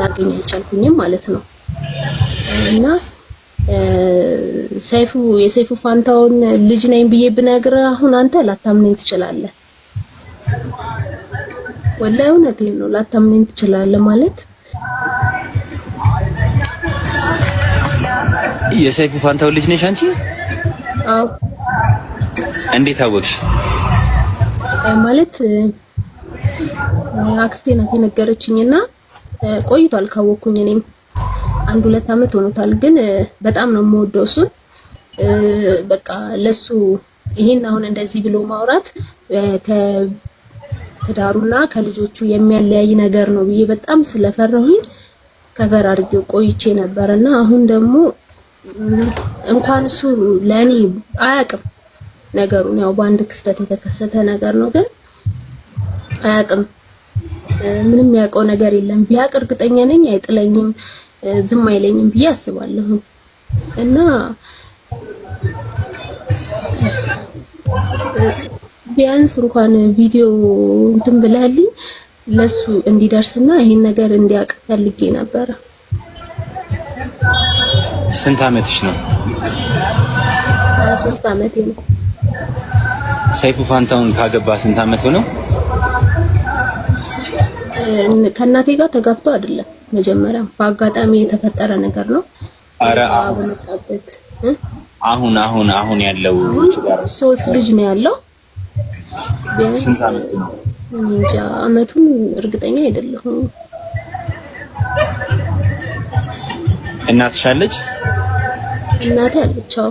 ላገኝ አልቻልኩኝም ማለት ነው እና ሰይፉ የሰይፉ ፋንታውን ልጅ ነኝ ብዬ ብነግር አሁን አንተ ላታምነኝ ትችላለህ። ወላሂ እውነቴን ነው፣ ላታምነኝ ትችላለህ ማለት የሰይፉ ፋንታውን ልጅ ነሽ አንቺ? አዎ። እንዴት አወቅሽ? ማለት አክስቴ ናት የነገረችኝና ቆይቷል ካወኩኝ እኔም አንድ ሁለት አመት ሆኖታል። ግን በጣም ነው የምወደው እሱን። በቃ ለሱ ይሄን አሁን እንደዚህ ብሎ ማውራት ከትዳሩና ከልጆቹ የሚያለያይ ነገር ነው ብዬ በጣም ስለፈረሁኝ ከበር አድርጌው ቆይቼ ነበር እና አሁን ደግሞ እንኳን እሱ ለእኔ አያውቅም ነገሩን ያው በአንድ ክስተት የተከሰተ ነገር ነው ግን አያውቅም ምንም ያውቀው ነገር የለም። ቢያውቅ እርግጠኛ ነኝ አይጥለኝም፣ ዝም አይለኝም ብዬ አስባለሁ እና ቢያንስ እንኳን ቪዲዮ እንትን ብለህልኝ ለሱ እንዲደርስና ይሄን ነገር እንዲያውቅ ፈልጌ ነበረ። ስንት አመትሽ ነው? ሶስት አመቴ ነው። ሰይፉ ፋንታውን ካገባ ስንት አመት ነው? ከእናቴ ጋር ተጋብቶ አይደለም። መጀመሪያ በአጋጣሚ የተፈጠረ ነገር ነው። አረ አሁን አሁን አሁን አሁን ያለው ሶስት ልጅ ነው ያለው። ስንት እንጃ አመቱን እርግጠኛ አይደለሁም። እናትሽ አለች? እናቴ አለች። አዎ።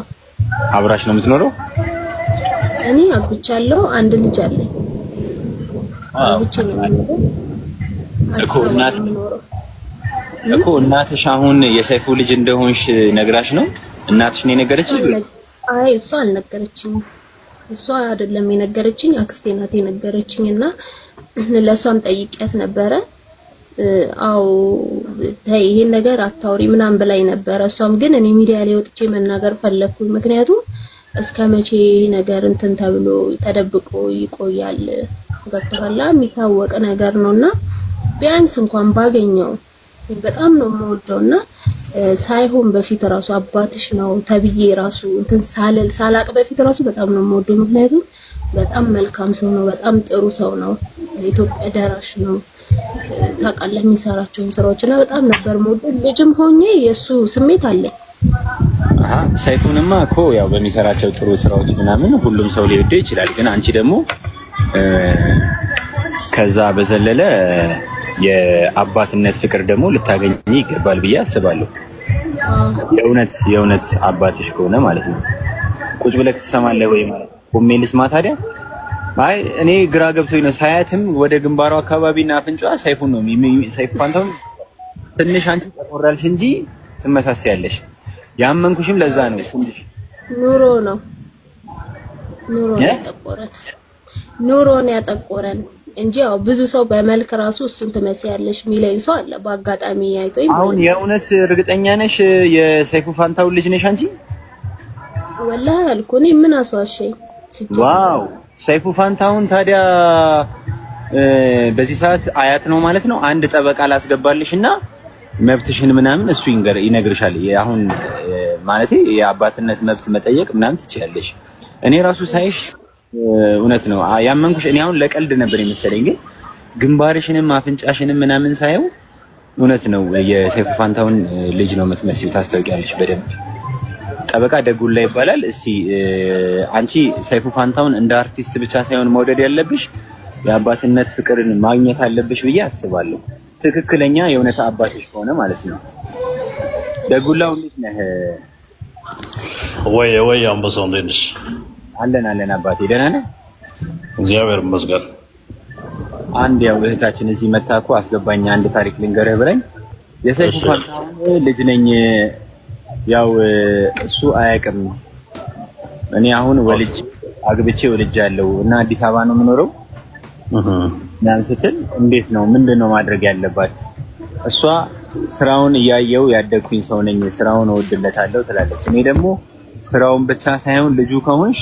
አብራሽ ነው የምትኖረው? እኔ አግብቻለሁ። አንድ ልጅ አለኝ። አዎ። እኮ እናትሽ አሁን የሰይፉ ልጅ እንደሆንሽ ነግራሽ ነው? እናትሽ ነው የነገረችሽ? አይ እሷ አልነገረችኝ። እሷ አይደለም የነገረችኝ፣ አክስቴ ናት የነገረችኝ። እና ለእሷም ጠይቂያት ነበረ። አዎ ተይ ይሄን ነገር አታውሪ ምናምን ብላኝ ነበረ። እሷም ግን እኔ ሚዲያ ላይ ወጥቼ መናገር ፈለግኩኝ። ምክንያቱም እስከ መቼ ይሄ ነገር እንትን ተብሎ ተደብቆ ይቆያል? ገብቶሃል? የሚታወቅ ነገር ነውና ቢያንስ እንኳን ባገኘው በጣም ነው የምወደው እና ሳይሆን በፊት ራሱ አባትሽ ነው ተብዬ ራሱ እንትን ሳለል ሳላቅ በፊት ራሱ በጣም ነው የምወደው። ምክንያቱም በጣም መልካም ሰው ነው። በጣም ጥሩ ሰው ነው። ለኢትዮጵያ ደራሽ ነው። ታውቃለህ የሚሰራቸውን ስራዎች እና በጣም ነበር የምወደው። ልጅም ሆኜ የእሱ ስሜት አለኝ። አሀ ሳይፎንማ እኮ ያው በሚሰራቸው ጥሩ ስራዎች ምናምን ሁሉም ሰው ሊወደው ይችላል። ግን አንቺ ደግሞ ከዛ በዘለለ የአባትነት ፍቅር ደግሞ ልታገኝ ይገባል ብዬ አስባለሁ። የእውነት የእውነት አባትሽ ከሆነ ማለት ነው። ቁጭ ብለህ ትሰማለህ ወይ ማለት ቆሜ ልስማ ታዲያ? አይ እኔ ግራ ገብቶኝ ነው። ሳያትም ወደ ግንባሩ አካባቢና አፍንጫ ሰይፉን ነው ሰይፉ ትንሽ አንቺ ጠቆራልሽ እንጂ ትመሳሳያለሽ። ያመንኩሽም ለዛ ነው። ትንሽ ኑሮ ነው ኑሮ ነው ያጠቆረን ኑሮ ነው ያጠቆረን እንጂ ያው ብዙ ሰው በመልክ ራሱ እሱን ትመስያለሽ የሚለኝ ሰው አለ። በአጋጣሚ ያይቶኝ አሁን የእውነት እርግጠኛ ነሽ የሰይፉ ፋንታውን ልጅ ነሽ አንቺ? ወላሂ አልኩ እኔ ምን አስዋሸኝ። ዋው ሰይፉ ፋንታውን ታዲያ በዚህ ሰዓት አያት ነው ማለት ነው። አንድ ጠበቃ ላስገባልሽ እና መብትሽን ምናምን እሱ ይነግርሻል። አሁን ማለቴ የአባትነት መብት መጠየቅ ምናምን ትችያለሽ። እኔ ራሱ ሳይሽ እውነት ነው ያመንኩሽ። እኔ አሁን ለቀልድ ነበር የመሰለኝ፣ ግን ግንባርሽንም አፍንጫሽንም ምናምን ሳየው እውነት ነው የሰይፉ ፋንታውን ልጅ ነው የምትመስይው። ታስታውቂያለሽ በደንብ። ጠበቃ ደጉላ ይባላል። እስቲ አንቺ ሰይፉ ፋንታውን እንደ አርቲስት ብቻ ሳይሆን መውደድ ያለብሽ የአባትነት ፍቅርን ማግኘት አለብሽ ብዬ አስባለሁ። ትክክለኛ የእውነት አባትሽ ከሆነ ማለት ነው። ደጉላው እንዴት ነህ? ወይ ወይ አንበሳው እንዴት ነሽ? አለን አለን አባቴ ደህና ነህ? እግዚአብሔር ይመስገን። አንድ ያው እህታችን እዚህ መታ እኮ አስገባኝ አንድ ታሪክ ልንገርህ ብላኝ የሰይፉ ፋንታሁን ልጅ ነኝ። ያው እሱ አያውቅም። እኔ አሁን ወልጅ አግብቼ ወልጅ ያለው እና አዲስ አበባ ነው የምኖረው ያን ስትል እንዴት ነው ምንድን ነው ማድረግ ያለባት? እሷ ስራውን እያየው ያደግኩኝ ሰው ነኝ፣ ስራውን እወድለታለሁ ትላለች። እኔ ደግሞ ስራውን ብቻ ሳይሆን ልጁ ከሆንሽ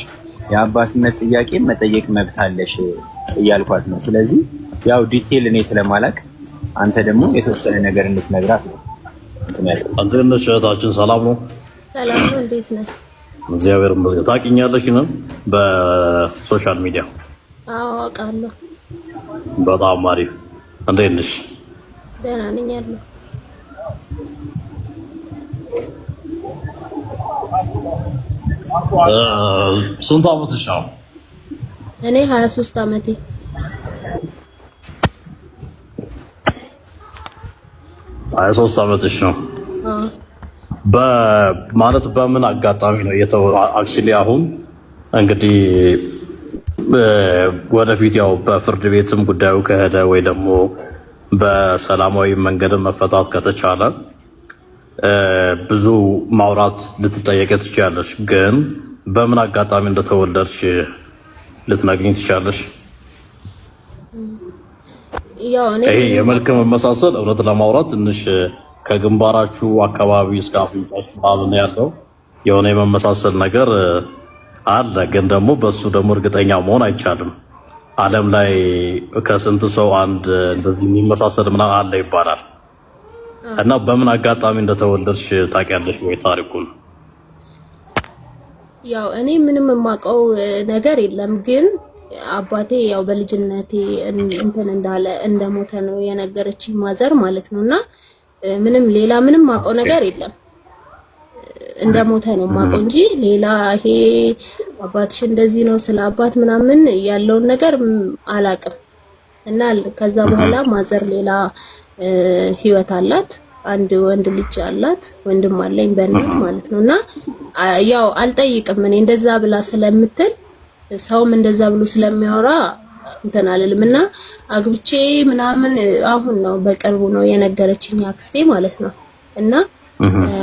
የአባትነት ጥያቄ መጠየቅ መብት አለሽ እያልኳት ነው። ስለዚህ ያው ዲቴል እኔ ስለማላቅ አንተ ደግሞ የተወሰነ ነገር እንድትነግራት ነው። አንተነሽ እህታችን ሰላም ነው? ሰላም ነው። እንዴት ነህ? እግዚአብሔር ይመስገን። ታውቂኛለሽ ነው? በሶሻል ሚዲያ አዎ፣ አውቃለሁ። በጣም አሪፍ። እንዴት ነሽ? ደህና ነኝ። ያለው ስንት አመትሽ ነው? እኔ 23 አመቴ። ሀያ አመትሽ ነው። ማለት በምን አጋጣሚ ነው አክቹዋሊ አሁን እንግዲህ ወደፊት ያው በፍርድ ቤትም ጉዳዩ ከሄደ ወይ ደግሞ በሰላማዊ መንገድ መፈታት ከተቻለ ብዙ ማውራት ልትጠየቀ ትችላለሽ፣ ግን በምን አጋጣሚ እንደተወለድሽ ልትነግኝ ትችላለሽ። ይሄ የመልክ መመሳሰል እውነት ለማውራት ትንሽ ከግንባራችሁ አካባቢ እስከ አፍንጫሽ ያለው የሆነ የመመሳሰል ነገር አለ። ግን ደግሞ በሱ ደግሞ እርግጠኛ መሆን አይቻልም። ዓለም ላይ ከስንት ሰው አንድ እንደዚህ የሚመሳሰል ምናምን አለ ይባላል። እና በምን አጋጣሚ እንደተወለድሽ ታውቂያለሽ ወይ ታሪኩን? ያው እኔ ምንም የማውቀው ነገር የለም ግን አባቴ ያው በልጅነቴ እንትን እንዳለ እንደሞተ ነው የነገረች ማዘር ማለት ነው። እና ምንም ሌላ ምንም ማቀው ነገር የለም እንደሞተ ነው ማቀው እንጂ ሌላ ይሄ አባትሽ እንደዚህ ነው ስለ አባት ምናምን ያለውን ነገር አላውቅም። እና ከዛ በኋላ ማዘር ሌላ ህይወት አላት። አንድ ወንድ ልጅ አላት፣ ወንድም አለኝ በእናት ማለት ነው። እና ያው አልጠይቅም እኔ እንደዛ ብላ ስለምትል ሰውም እንደዛ ብሎ ስለሚያወራ እንትን አለልም እና አግብቼ ምናምን አሁን ነው በቅርቡ ነው የነገረችኝ አክስቴ ማለት ነው። እና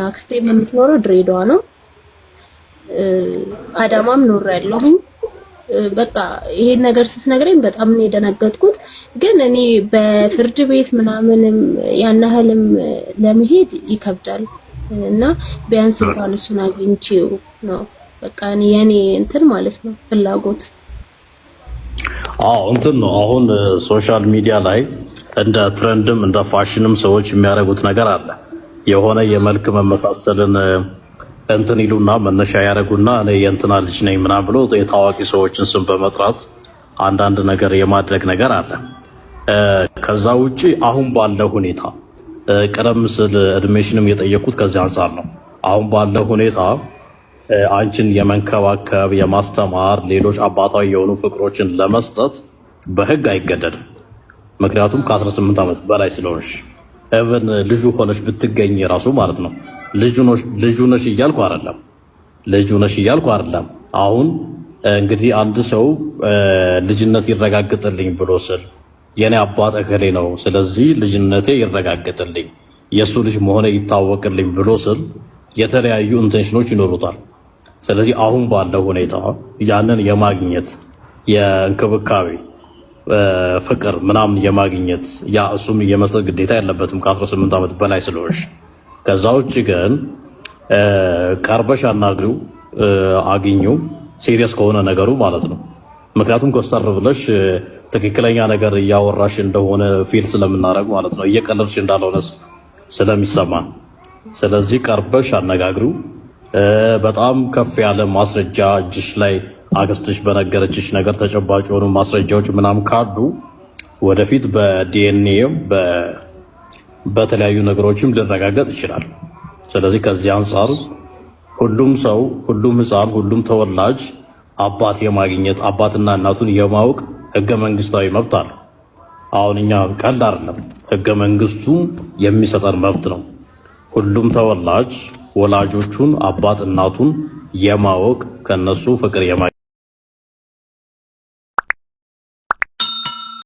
አክስቴም የምትኖረው ድሬዳዋ ነው። አዳማም ኖር ያለሁኝ በቃ ይሄን ነገር ስትነግረኝ በጣም ነው የደነገጥኩት። ግን እኔ በፍርድ ቤት ምናምንም ያን ያህልም ለመሄድ ይከብዳል እና ቢያንስ እንኳን እሱን አግኝቼው ነው በቃ የኔ እንትን ማለት ነው ፍላጎት። አዎ እንትን ነው አሁን ሶሻል ሚዲያ ላይ እንደ ትረንድም እንደ ፋሽንም ሰዎች የሚያደርጉት ነገር አለ የሆነ የመልክ መመሳሰልን እንትን ይሉና መነሻ ያደረጉና እኔ የእንትና ልጅ ነኝ ምናምን ብሎ የታዋቂ ሰዎችን ስም በመጥራት አንዳንድ ነገር የማድረግ ነገር አለ። ከዛ ውጭ አሁን ባለ ሁኔታ ቀደም ስል እድሜሽንም የጠየቁት ከዚህ አንጻር ነው። አሁን ባለ ሁኔታ አንቺን የመንከባከብ የማስተማር፣ ሌሎች አባታዊ የሆኑ ፍቅሮችን ለመስጠት በህግ አይገደድም። ምክንያቱም ከ18 ዓመት በላይ ስለሆነች እብን ልጁ ሆነች ብትገኝ ራሱ ማለት ነው ልጁ ነሽ እያልኩ አይደለም። ልጁ ነሽ እያልኩ አይደለም። አሁን እንግዲህ አንድ ሰው ልጅነት ይረጋግጥልኝ ብሎ ስል የኔ አባት እከሌ ነው፣ ስለዚህ ልጅነቴ ይረጋግጥልኝ የእሱ ልጅ መሆነ ይታወቅልኝ ብሎ ስል የተለያዩ ኢንቴንሽኖች ይኖሩታል። ስለዚህ አሁን ባለው ሁኔታ ያንን የማግኘት የእንክብካቤ ፍቅር ምናምን የማግኘት ያ እሱም የመስጠት ግዴታ ያለበትም ከ18 ዓመት በላይ ስለሆንሽ ከዛ ውጭ ግን ቀርበሽ አናግሪው፣ አግኙ፣ ሲሪየስ ከሆነ ነገሩ ማለት ነው። ምክንያቱም ኮስተር ብለሽ ትክክለኛ ነገር እያወራሽ እንደሆነ ፊል ስለምናደርግ ማለት ነው፣ እየቀለድሽ እንዳለሆነ ስለሚሰማ። ስለዚህ ቀርበሽ አነጋግሪው። በጣም ከፍ ያለ ማስረጃ እጅሽ ላይ አገስትሽ በነገረችሽ ነገር ተጨባጭ የሆኑ ማስረጃዎች ምናምን ካሉ ወደፊት በዲኤንኤም በተለያዩ ነገሮችም ሊረጋገጥ ይችላል። ስለዚህ ከዚህ አንጻር ሁሉም ሰው ሁሉም ህፃን ሁሉም ተወላጅ አባት የማግኘት አባትና እናቱን የማወቅ ህገ መንግስታዊ መብት አለ። አሁን እኛ ቀልድ አይደለም፣ ህገ መንግስቱ የሚሰጠን መብት ነው። ሁሉም ተወላጅ ወላጆቹን አባት እናቱን የማወቅ ከነሱ ፍቅር የማ